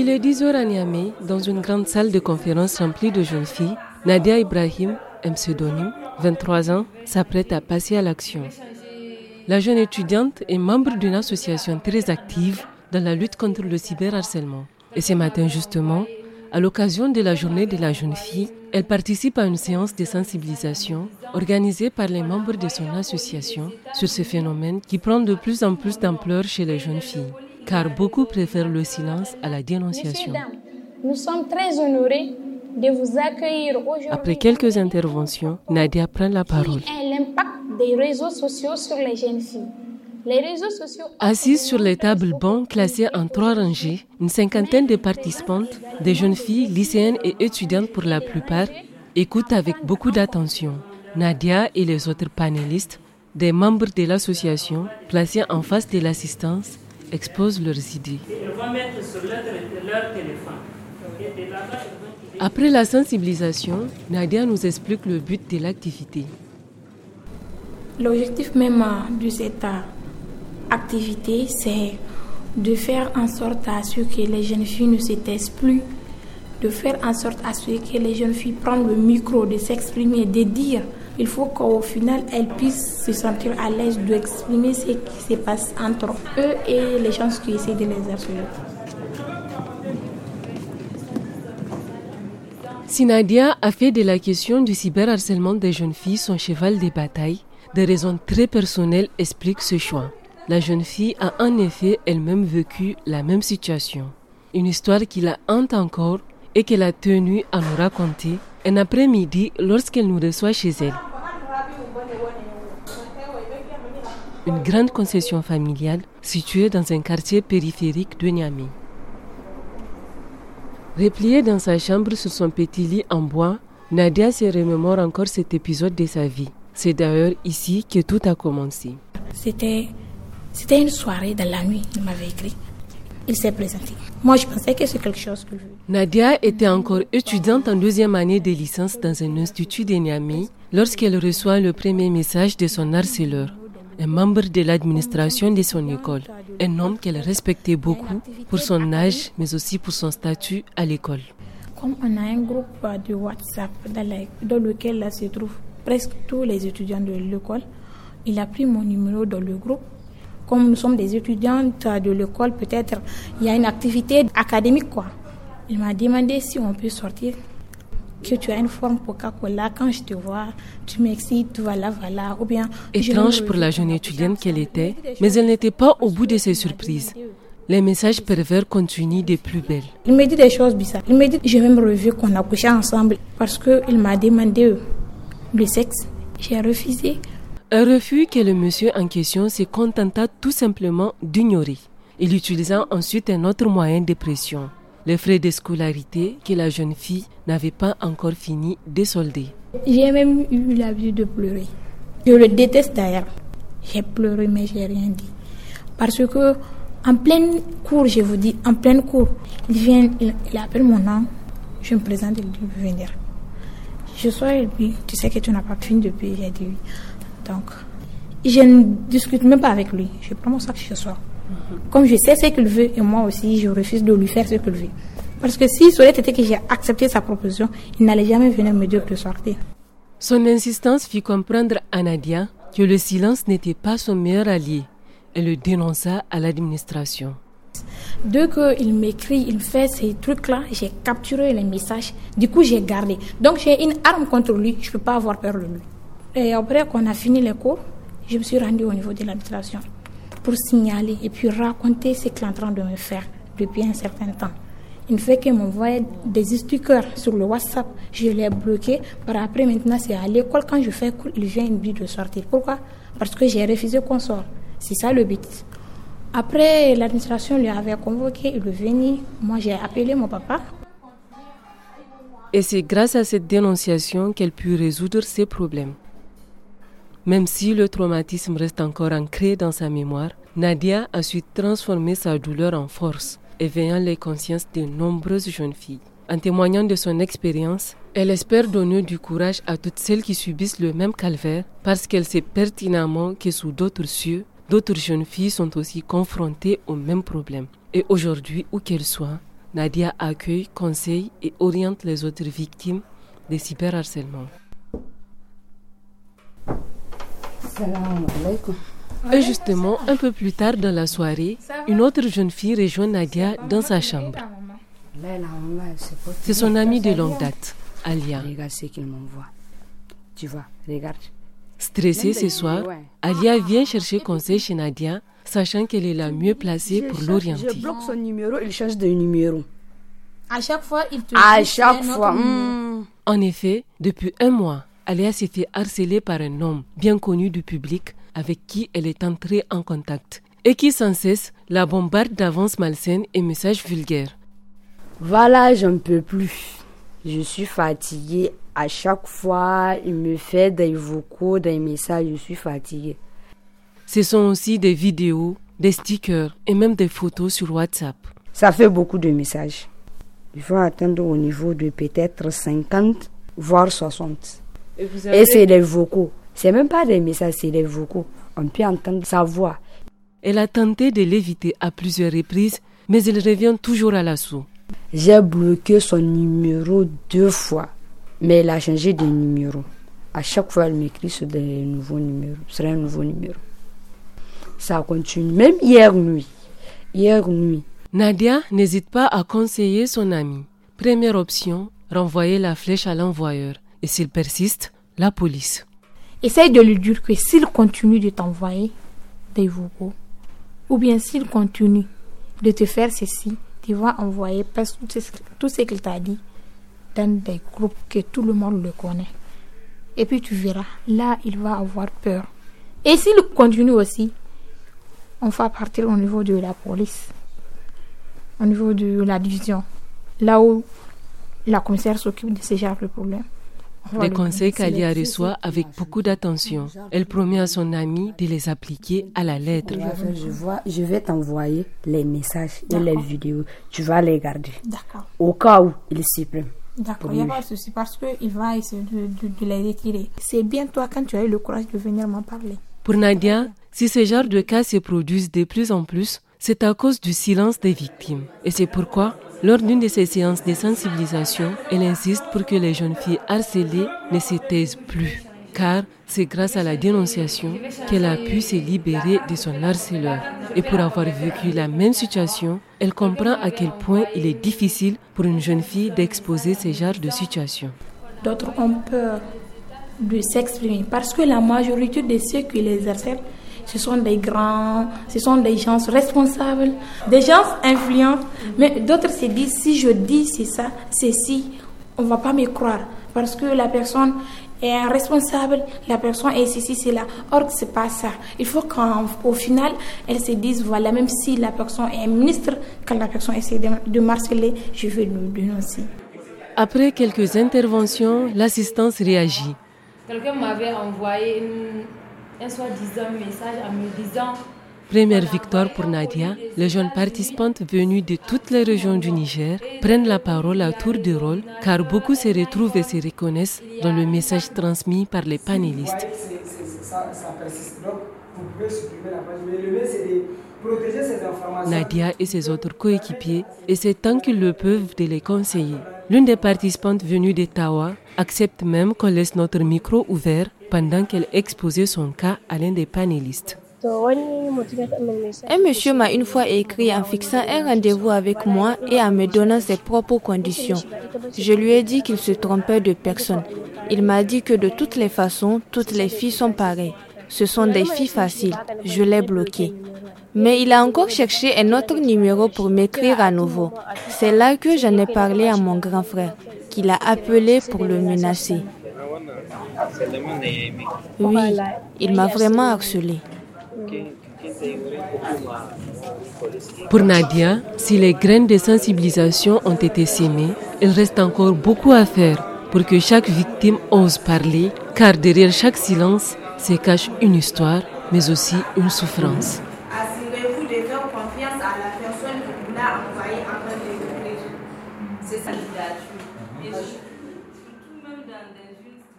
Il est 10h à Niamey, dans une grande salle de conférence remplie de jeunes filles. Nadia Ibrahim, un pseudonyme, 23 ans, s'apprête à passer à l'action. La jeune étudiante est membre d'une association très active dans la lutte contre le cyberharcèlement. Et ce matin, justement, à l'occasion de la journée de la jeune fille, elle participe à une séance de sensibilisation organisée par les membres de son association sur ce phénomène qui prend de plus en plus d'ampleur chez les jeunes filles car beaucoup préfèrent le silence à la dénonciation. Nous sommes très honorés de vous accueillir Après quelques interventions, Nadia prend la parole. l'impact sociaux sur les Assises sur les tables bancs classées en trois rangées, une cinquantaine de participantes, des jeunes filles, lycéennes et étudiantes pour la plupart, écoutent avec beaucoup d'attention Nadia et les autres panélistes, des membres de l'association placés en face de l'assistance exposent leurs idées. Après la sensibilisation, Nadia nous explique le but de l'activité. L'objectif même euh, de cette euh, activité, c'est de faire en sorte à ce que les jeunes filles ne se taisent plus, de faire en sorte à ce que les jeunes filles prennent le micro, de s'exprimer, de dire il faut qu'au final, elles puissent se sentir à l'aise d'exprimer ce qui se passe entre eux et les gens qui essaient de les Si Nadia a fait de la question du cyberharcèlement des jeunes filles son cheval de bataille. Des raisons très personnelles expliquent ce choix. La jeune fille a en effet elle-même vécu la même situation. Une histoire qui la hante encore et qu'elle a tenue à nous raconter un après-midi lorsqu'elle nous reçoit chez elle. une grande concession familiale située dans un quartier périphérique de Niamey. Repliée dans sa chambre sur son petit lit en bois, Nadia se remémore encore cet épisode de sa vie. C'est d'ailleurs ici que tout a commencé. C'était, une soirée dans la nuit, il m'avait écrit. Il s'est présenté. Moi, je pensais que c'est quelque chose que je... Nadia était encore étudiante en deuxième année de licence dans un institut de Niamey lorsqu'elle reçoit le premier message de son harceleur un membre de l'administration de son école, un homme qu'elle respectait beaucoup pour son âge, mais aussi pour son statut à l'école. Comme on a un groupe de WhatsApp dans, lequel se trouvent presque tous les étudiants de l'école, il a pris mon numéro dans le groupe. Comme nous sommes des étudiantes de l'école, peut-être il y a une activité académique. quoi. Il m'a demandé si on peut sortir que tu as une forme Coca-Cola, quand je te vois, tu m'excites, voilà, voilà, ou bien... Étrange pour la jeune étudiante qu'elle était, mais elle n'était pas au bout de ses surprises. Les messages pervers continuent des plus belles. Il me dit des choses bizarres. Il me dit, j'ai même revu qu'on a couché ensemble parce qu'il m'a demandé euh, le sexe. J'ai refusé. Un refus que le monsieur en question se contenta tout simplement d'ignorer. Il utilisa ensuite un autre moyen de pression les frais de scolarité que la jeune fille n'avait pas encore fini de solder. J'ai même eu l'habitude de pleurer. Je le déteste d'ailleurs. J'ai pleuré mais j'ai rien dit. Parce que en pleine cours, je vous dis, en pleine cours, il vient, il, appelle mon nom, je me présente, il dit venir. Je sois et puis tu sais que tu n'as pas fini depuis, j'ai dit oui. Donc, je ne discute même pas avec lui. Je prends mon sac, je sors. Comme je sais ce qu'il veut, et moi aussi, je refuse de lui faire ce qu'il veut. Parce que si cela était que j'ai accepté sa proposition, il n'allait jamais venir me dire de sortir. Son insistance fit comprendre à Nadia que le silence n'était pas son meilleur allié. Elle le dénonça à l'administration. Dès qu'il m'écrit, il fait ces trucs-là, j'ai capturé les messages. Du coup, j'ai gardé. Donc, j'ai une arme contre lui. Je ne peux pas avoir peur de lui. Et après qu'on a fini les cours, je me suis rendue au niveau de l'administration pour signaler et puis raconter ce qu'il est en train de me faire depuis un certain temps. Une fois qu'il m'envoie des stickers sur le WhatsApp, je l'ai bloqué. Par après, maintenant, c'est à l'école. Quand je fais cours, il vient, une me de sortir. Pourquoi Parce que j'ai refusé qu'on sorte. C'est ça le but. Après, l'administration lui avait convoqué, il est venu. Moi, j'ai appelé mon papa. Et c'est grâce à cette dénonciation qu'elle put résoudre ses problèmes. Même si le traumatisme reste encore ancré dans sa mémoire, Nadia a su transformer sa douleur en force, éveillant les consciences de nombreuses jeunes filles. En témoignant de son expérience, elle espère donner du courage à toutes celles qui subissent le même calvaire parce qu'elle sait pertinemment que sous d'autres cieux, d'autres jeunes filles sont aussi confrontées au même problème. Et aujourd'hui, où qu'elles soient, Nadia accueille, conseille et oriente les autres victimes des cyberharcèlements. Et justement, un peu plus tard dans la soirée, une autre jeune fille rejoint Nadia dans sa chambre. C'est son amie de longue date, Alia. Stressée ce soir, Alia vient chercher conseil chez Nadia, sachant qu'elle est la mieux placée pour l'orienter. Je bloque son numéro, il À chaque fois, il te À chaque fois. En effet, depuis un mois, Alia s'est fait harceler par un homme bien connu du public avec qui elle est entrée en contact et qui sans cesse la bombarde d'avances malsaines et messages vulgaires. Voilà, je ne peux plus. Je suis fatiguée. À chaque fois, il me fait des vocaux, des messages. Je suis fatiguée. Ce sont aussi des vidéos, des stickers et même des photos sur WhatsApp. Ça fait beaucoup de messages. Il faut atteindre au niveau de peut-être 50, voire 60. Et, et c'est des vocaux. C'est même pas des messages, c'est des vocaux. On peut entendre sa voix. Elle a tenté de l'éviter à plusieurs reprises, mais il revient toujours à l'assaut. J'ai bloqué son numéro deux fois, mais elle a changé de numéro. À chaque fois, elle m'écrit ce des nouveaux numéros, sur un nouveau numéro. Ça continue, même hier nuit. Hier nuit. Nadia n'hésite pas à conseiller son ami. Première option, renvoyer la flèche à l'envoyeur. Et s'il persiste, la police. Essaye de lui dire que s'il continue de t'envoyer des vocaux, ou bien s'il continue de te faire ceci, tu vas envoyer tout ce qu'il t'a dit dans des groupes que tout le monde le connaît. Et puis tu verras, là, il va avoir peur. Et s'il continue aussi, on va partir au niveau de la police, au niveau de la division, là où la commissaire s'occupe de ces genre de des conseils qu'Alia reçoit avec beaucoup d'attention. Elle promet à son amie de les appliquer à la lettre. Je, vois, je vais t'envoyer les messages et les vidéos. Tu vas les garder. D'accord. Au cas où il supprime. D'accord, il n'y a pas de souci parce qu'il va essayer de, de les retirer. C'est bien toi quand tu as eu le courage de venir m'en parler. Pour Nadia, si ce genre de cas se produisent de plus en plus, c'est à cause du silence des victimes. Et c'est pourquoi lors d'une de ces séances de sensibilisation, elle insiste pour que les jeunes filles harcelées ne se taisent plus, car c'est grâce à la dénonciation qu'elle a pu se libérer de son harceleur. Et pour avoir vécu la même situation, elle comprend à quel point il est difficile pour une jeune fille d'exposer ces genres de situation. D'autres ont peur de s'exprimer parce que la majorité de ceux qui les acceptent ce sont des grands, ce sont des gens responsables, des gens influents. Mais d'autres se disent, si je dis c'est ça, c'est si, on ne va pas me croire. Parce que la personne est responsable, la personne est ceci, cela. Or, ce n'est pas ça. Il faut qu'au final, elles se disent, voilà, même si la personne est ministre, quand la personne essaie de, de marceler, je vais le dénoncer. Après quelques interventions, l'assistance réagit. Quelqu'un m'avait envoyé une Première victoire pour Nadia, les jeunes participantes venues de toutes les régions du Niger prennent la parole à tour de rôle car beaucoup se retrouvent et se reconnaissent dans le message transmis par les panélistes. Nadia et ses autres coéquipiers essaient tant qu'ils le peuvent de les conseiller. L'une des participantes venues d'Ottawa accepte même qu'on laisse notre micro ouvert pendant qu'elle exposait son cas à l'un des panélistes. Un monsieur m'a une fois écrit en fixant un rendez-vous avec moi et en me donnant ses propres conditions. Je lui ai dit qu'il se trompait de personne. Il m'a dit que de toutes les façons, toutes les filles sont pareilles. Ce sont des filles faciles. Je l'ai bloqué. Mais il a encore cherché un autre numéro pour m'écrire à nouveau. C'est là que j'en ai parlé à mon grand frère, qui a appelé pour le menacer. Oui, il m'a vraiment harcelé. Pour Nadia, si les graines de sensibilisation ont été sémées, il reste encore beaucoup à faire pour que chaque victime ose parler, car derrière chaque silence se cache une histoire, mais aussi une souffrance.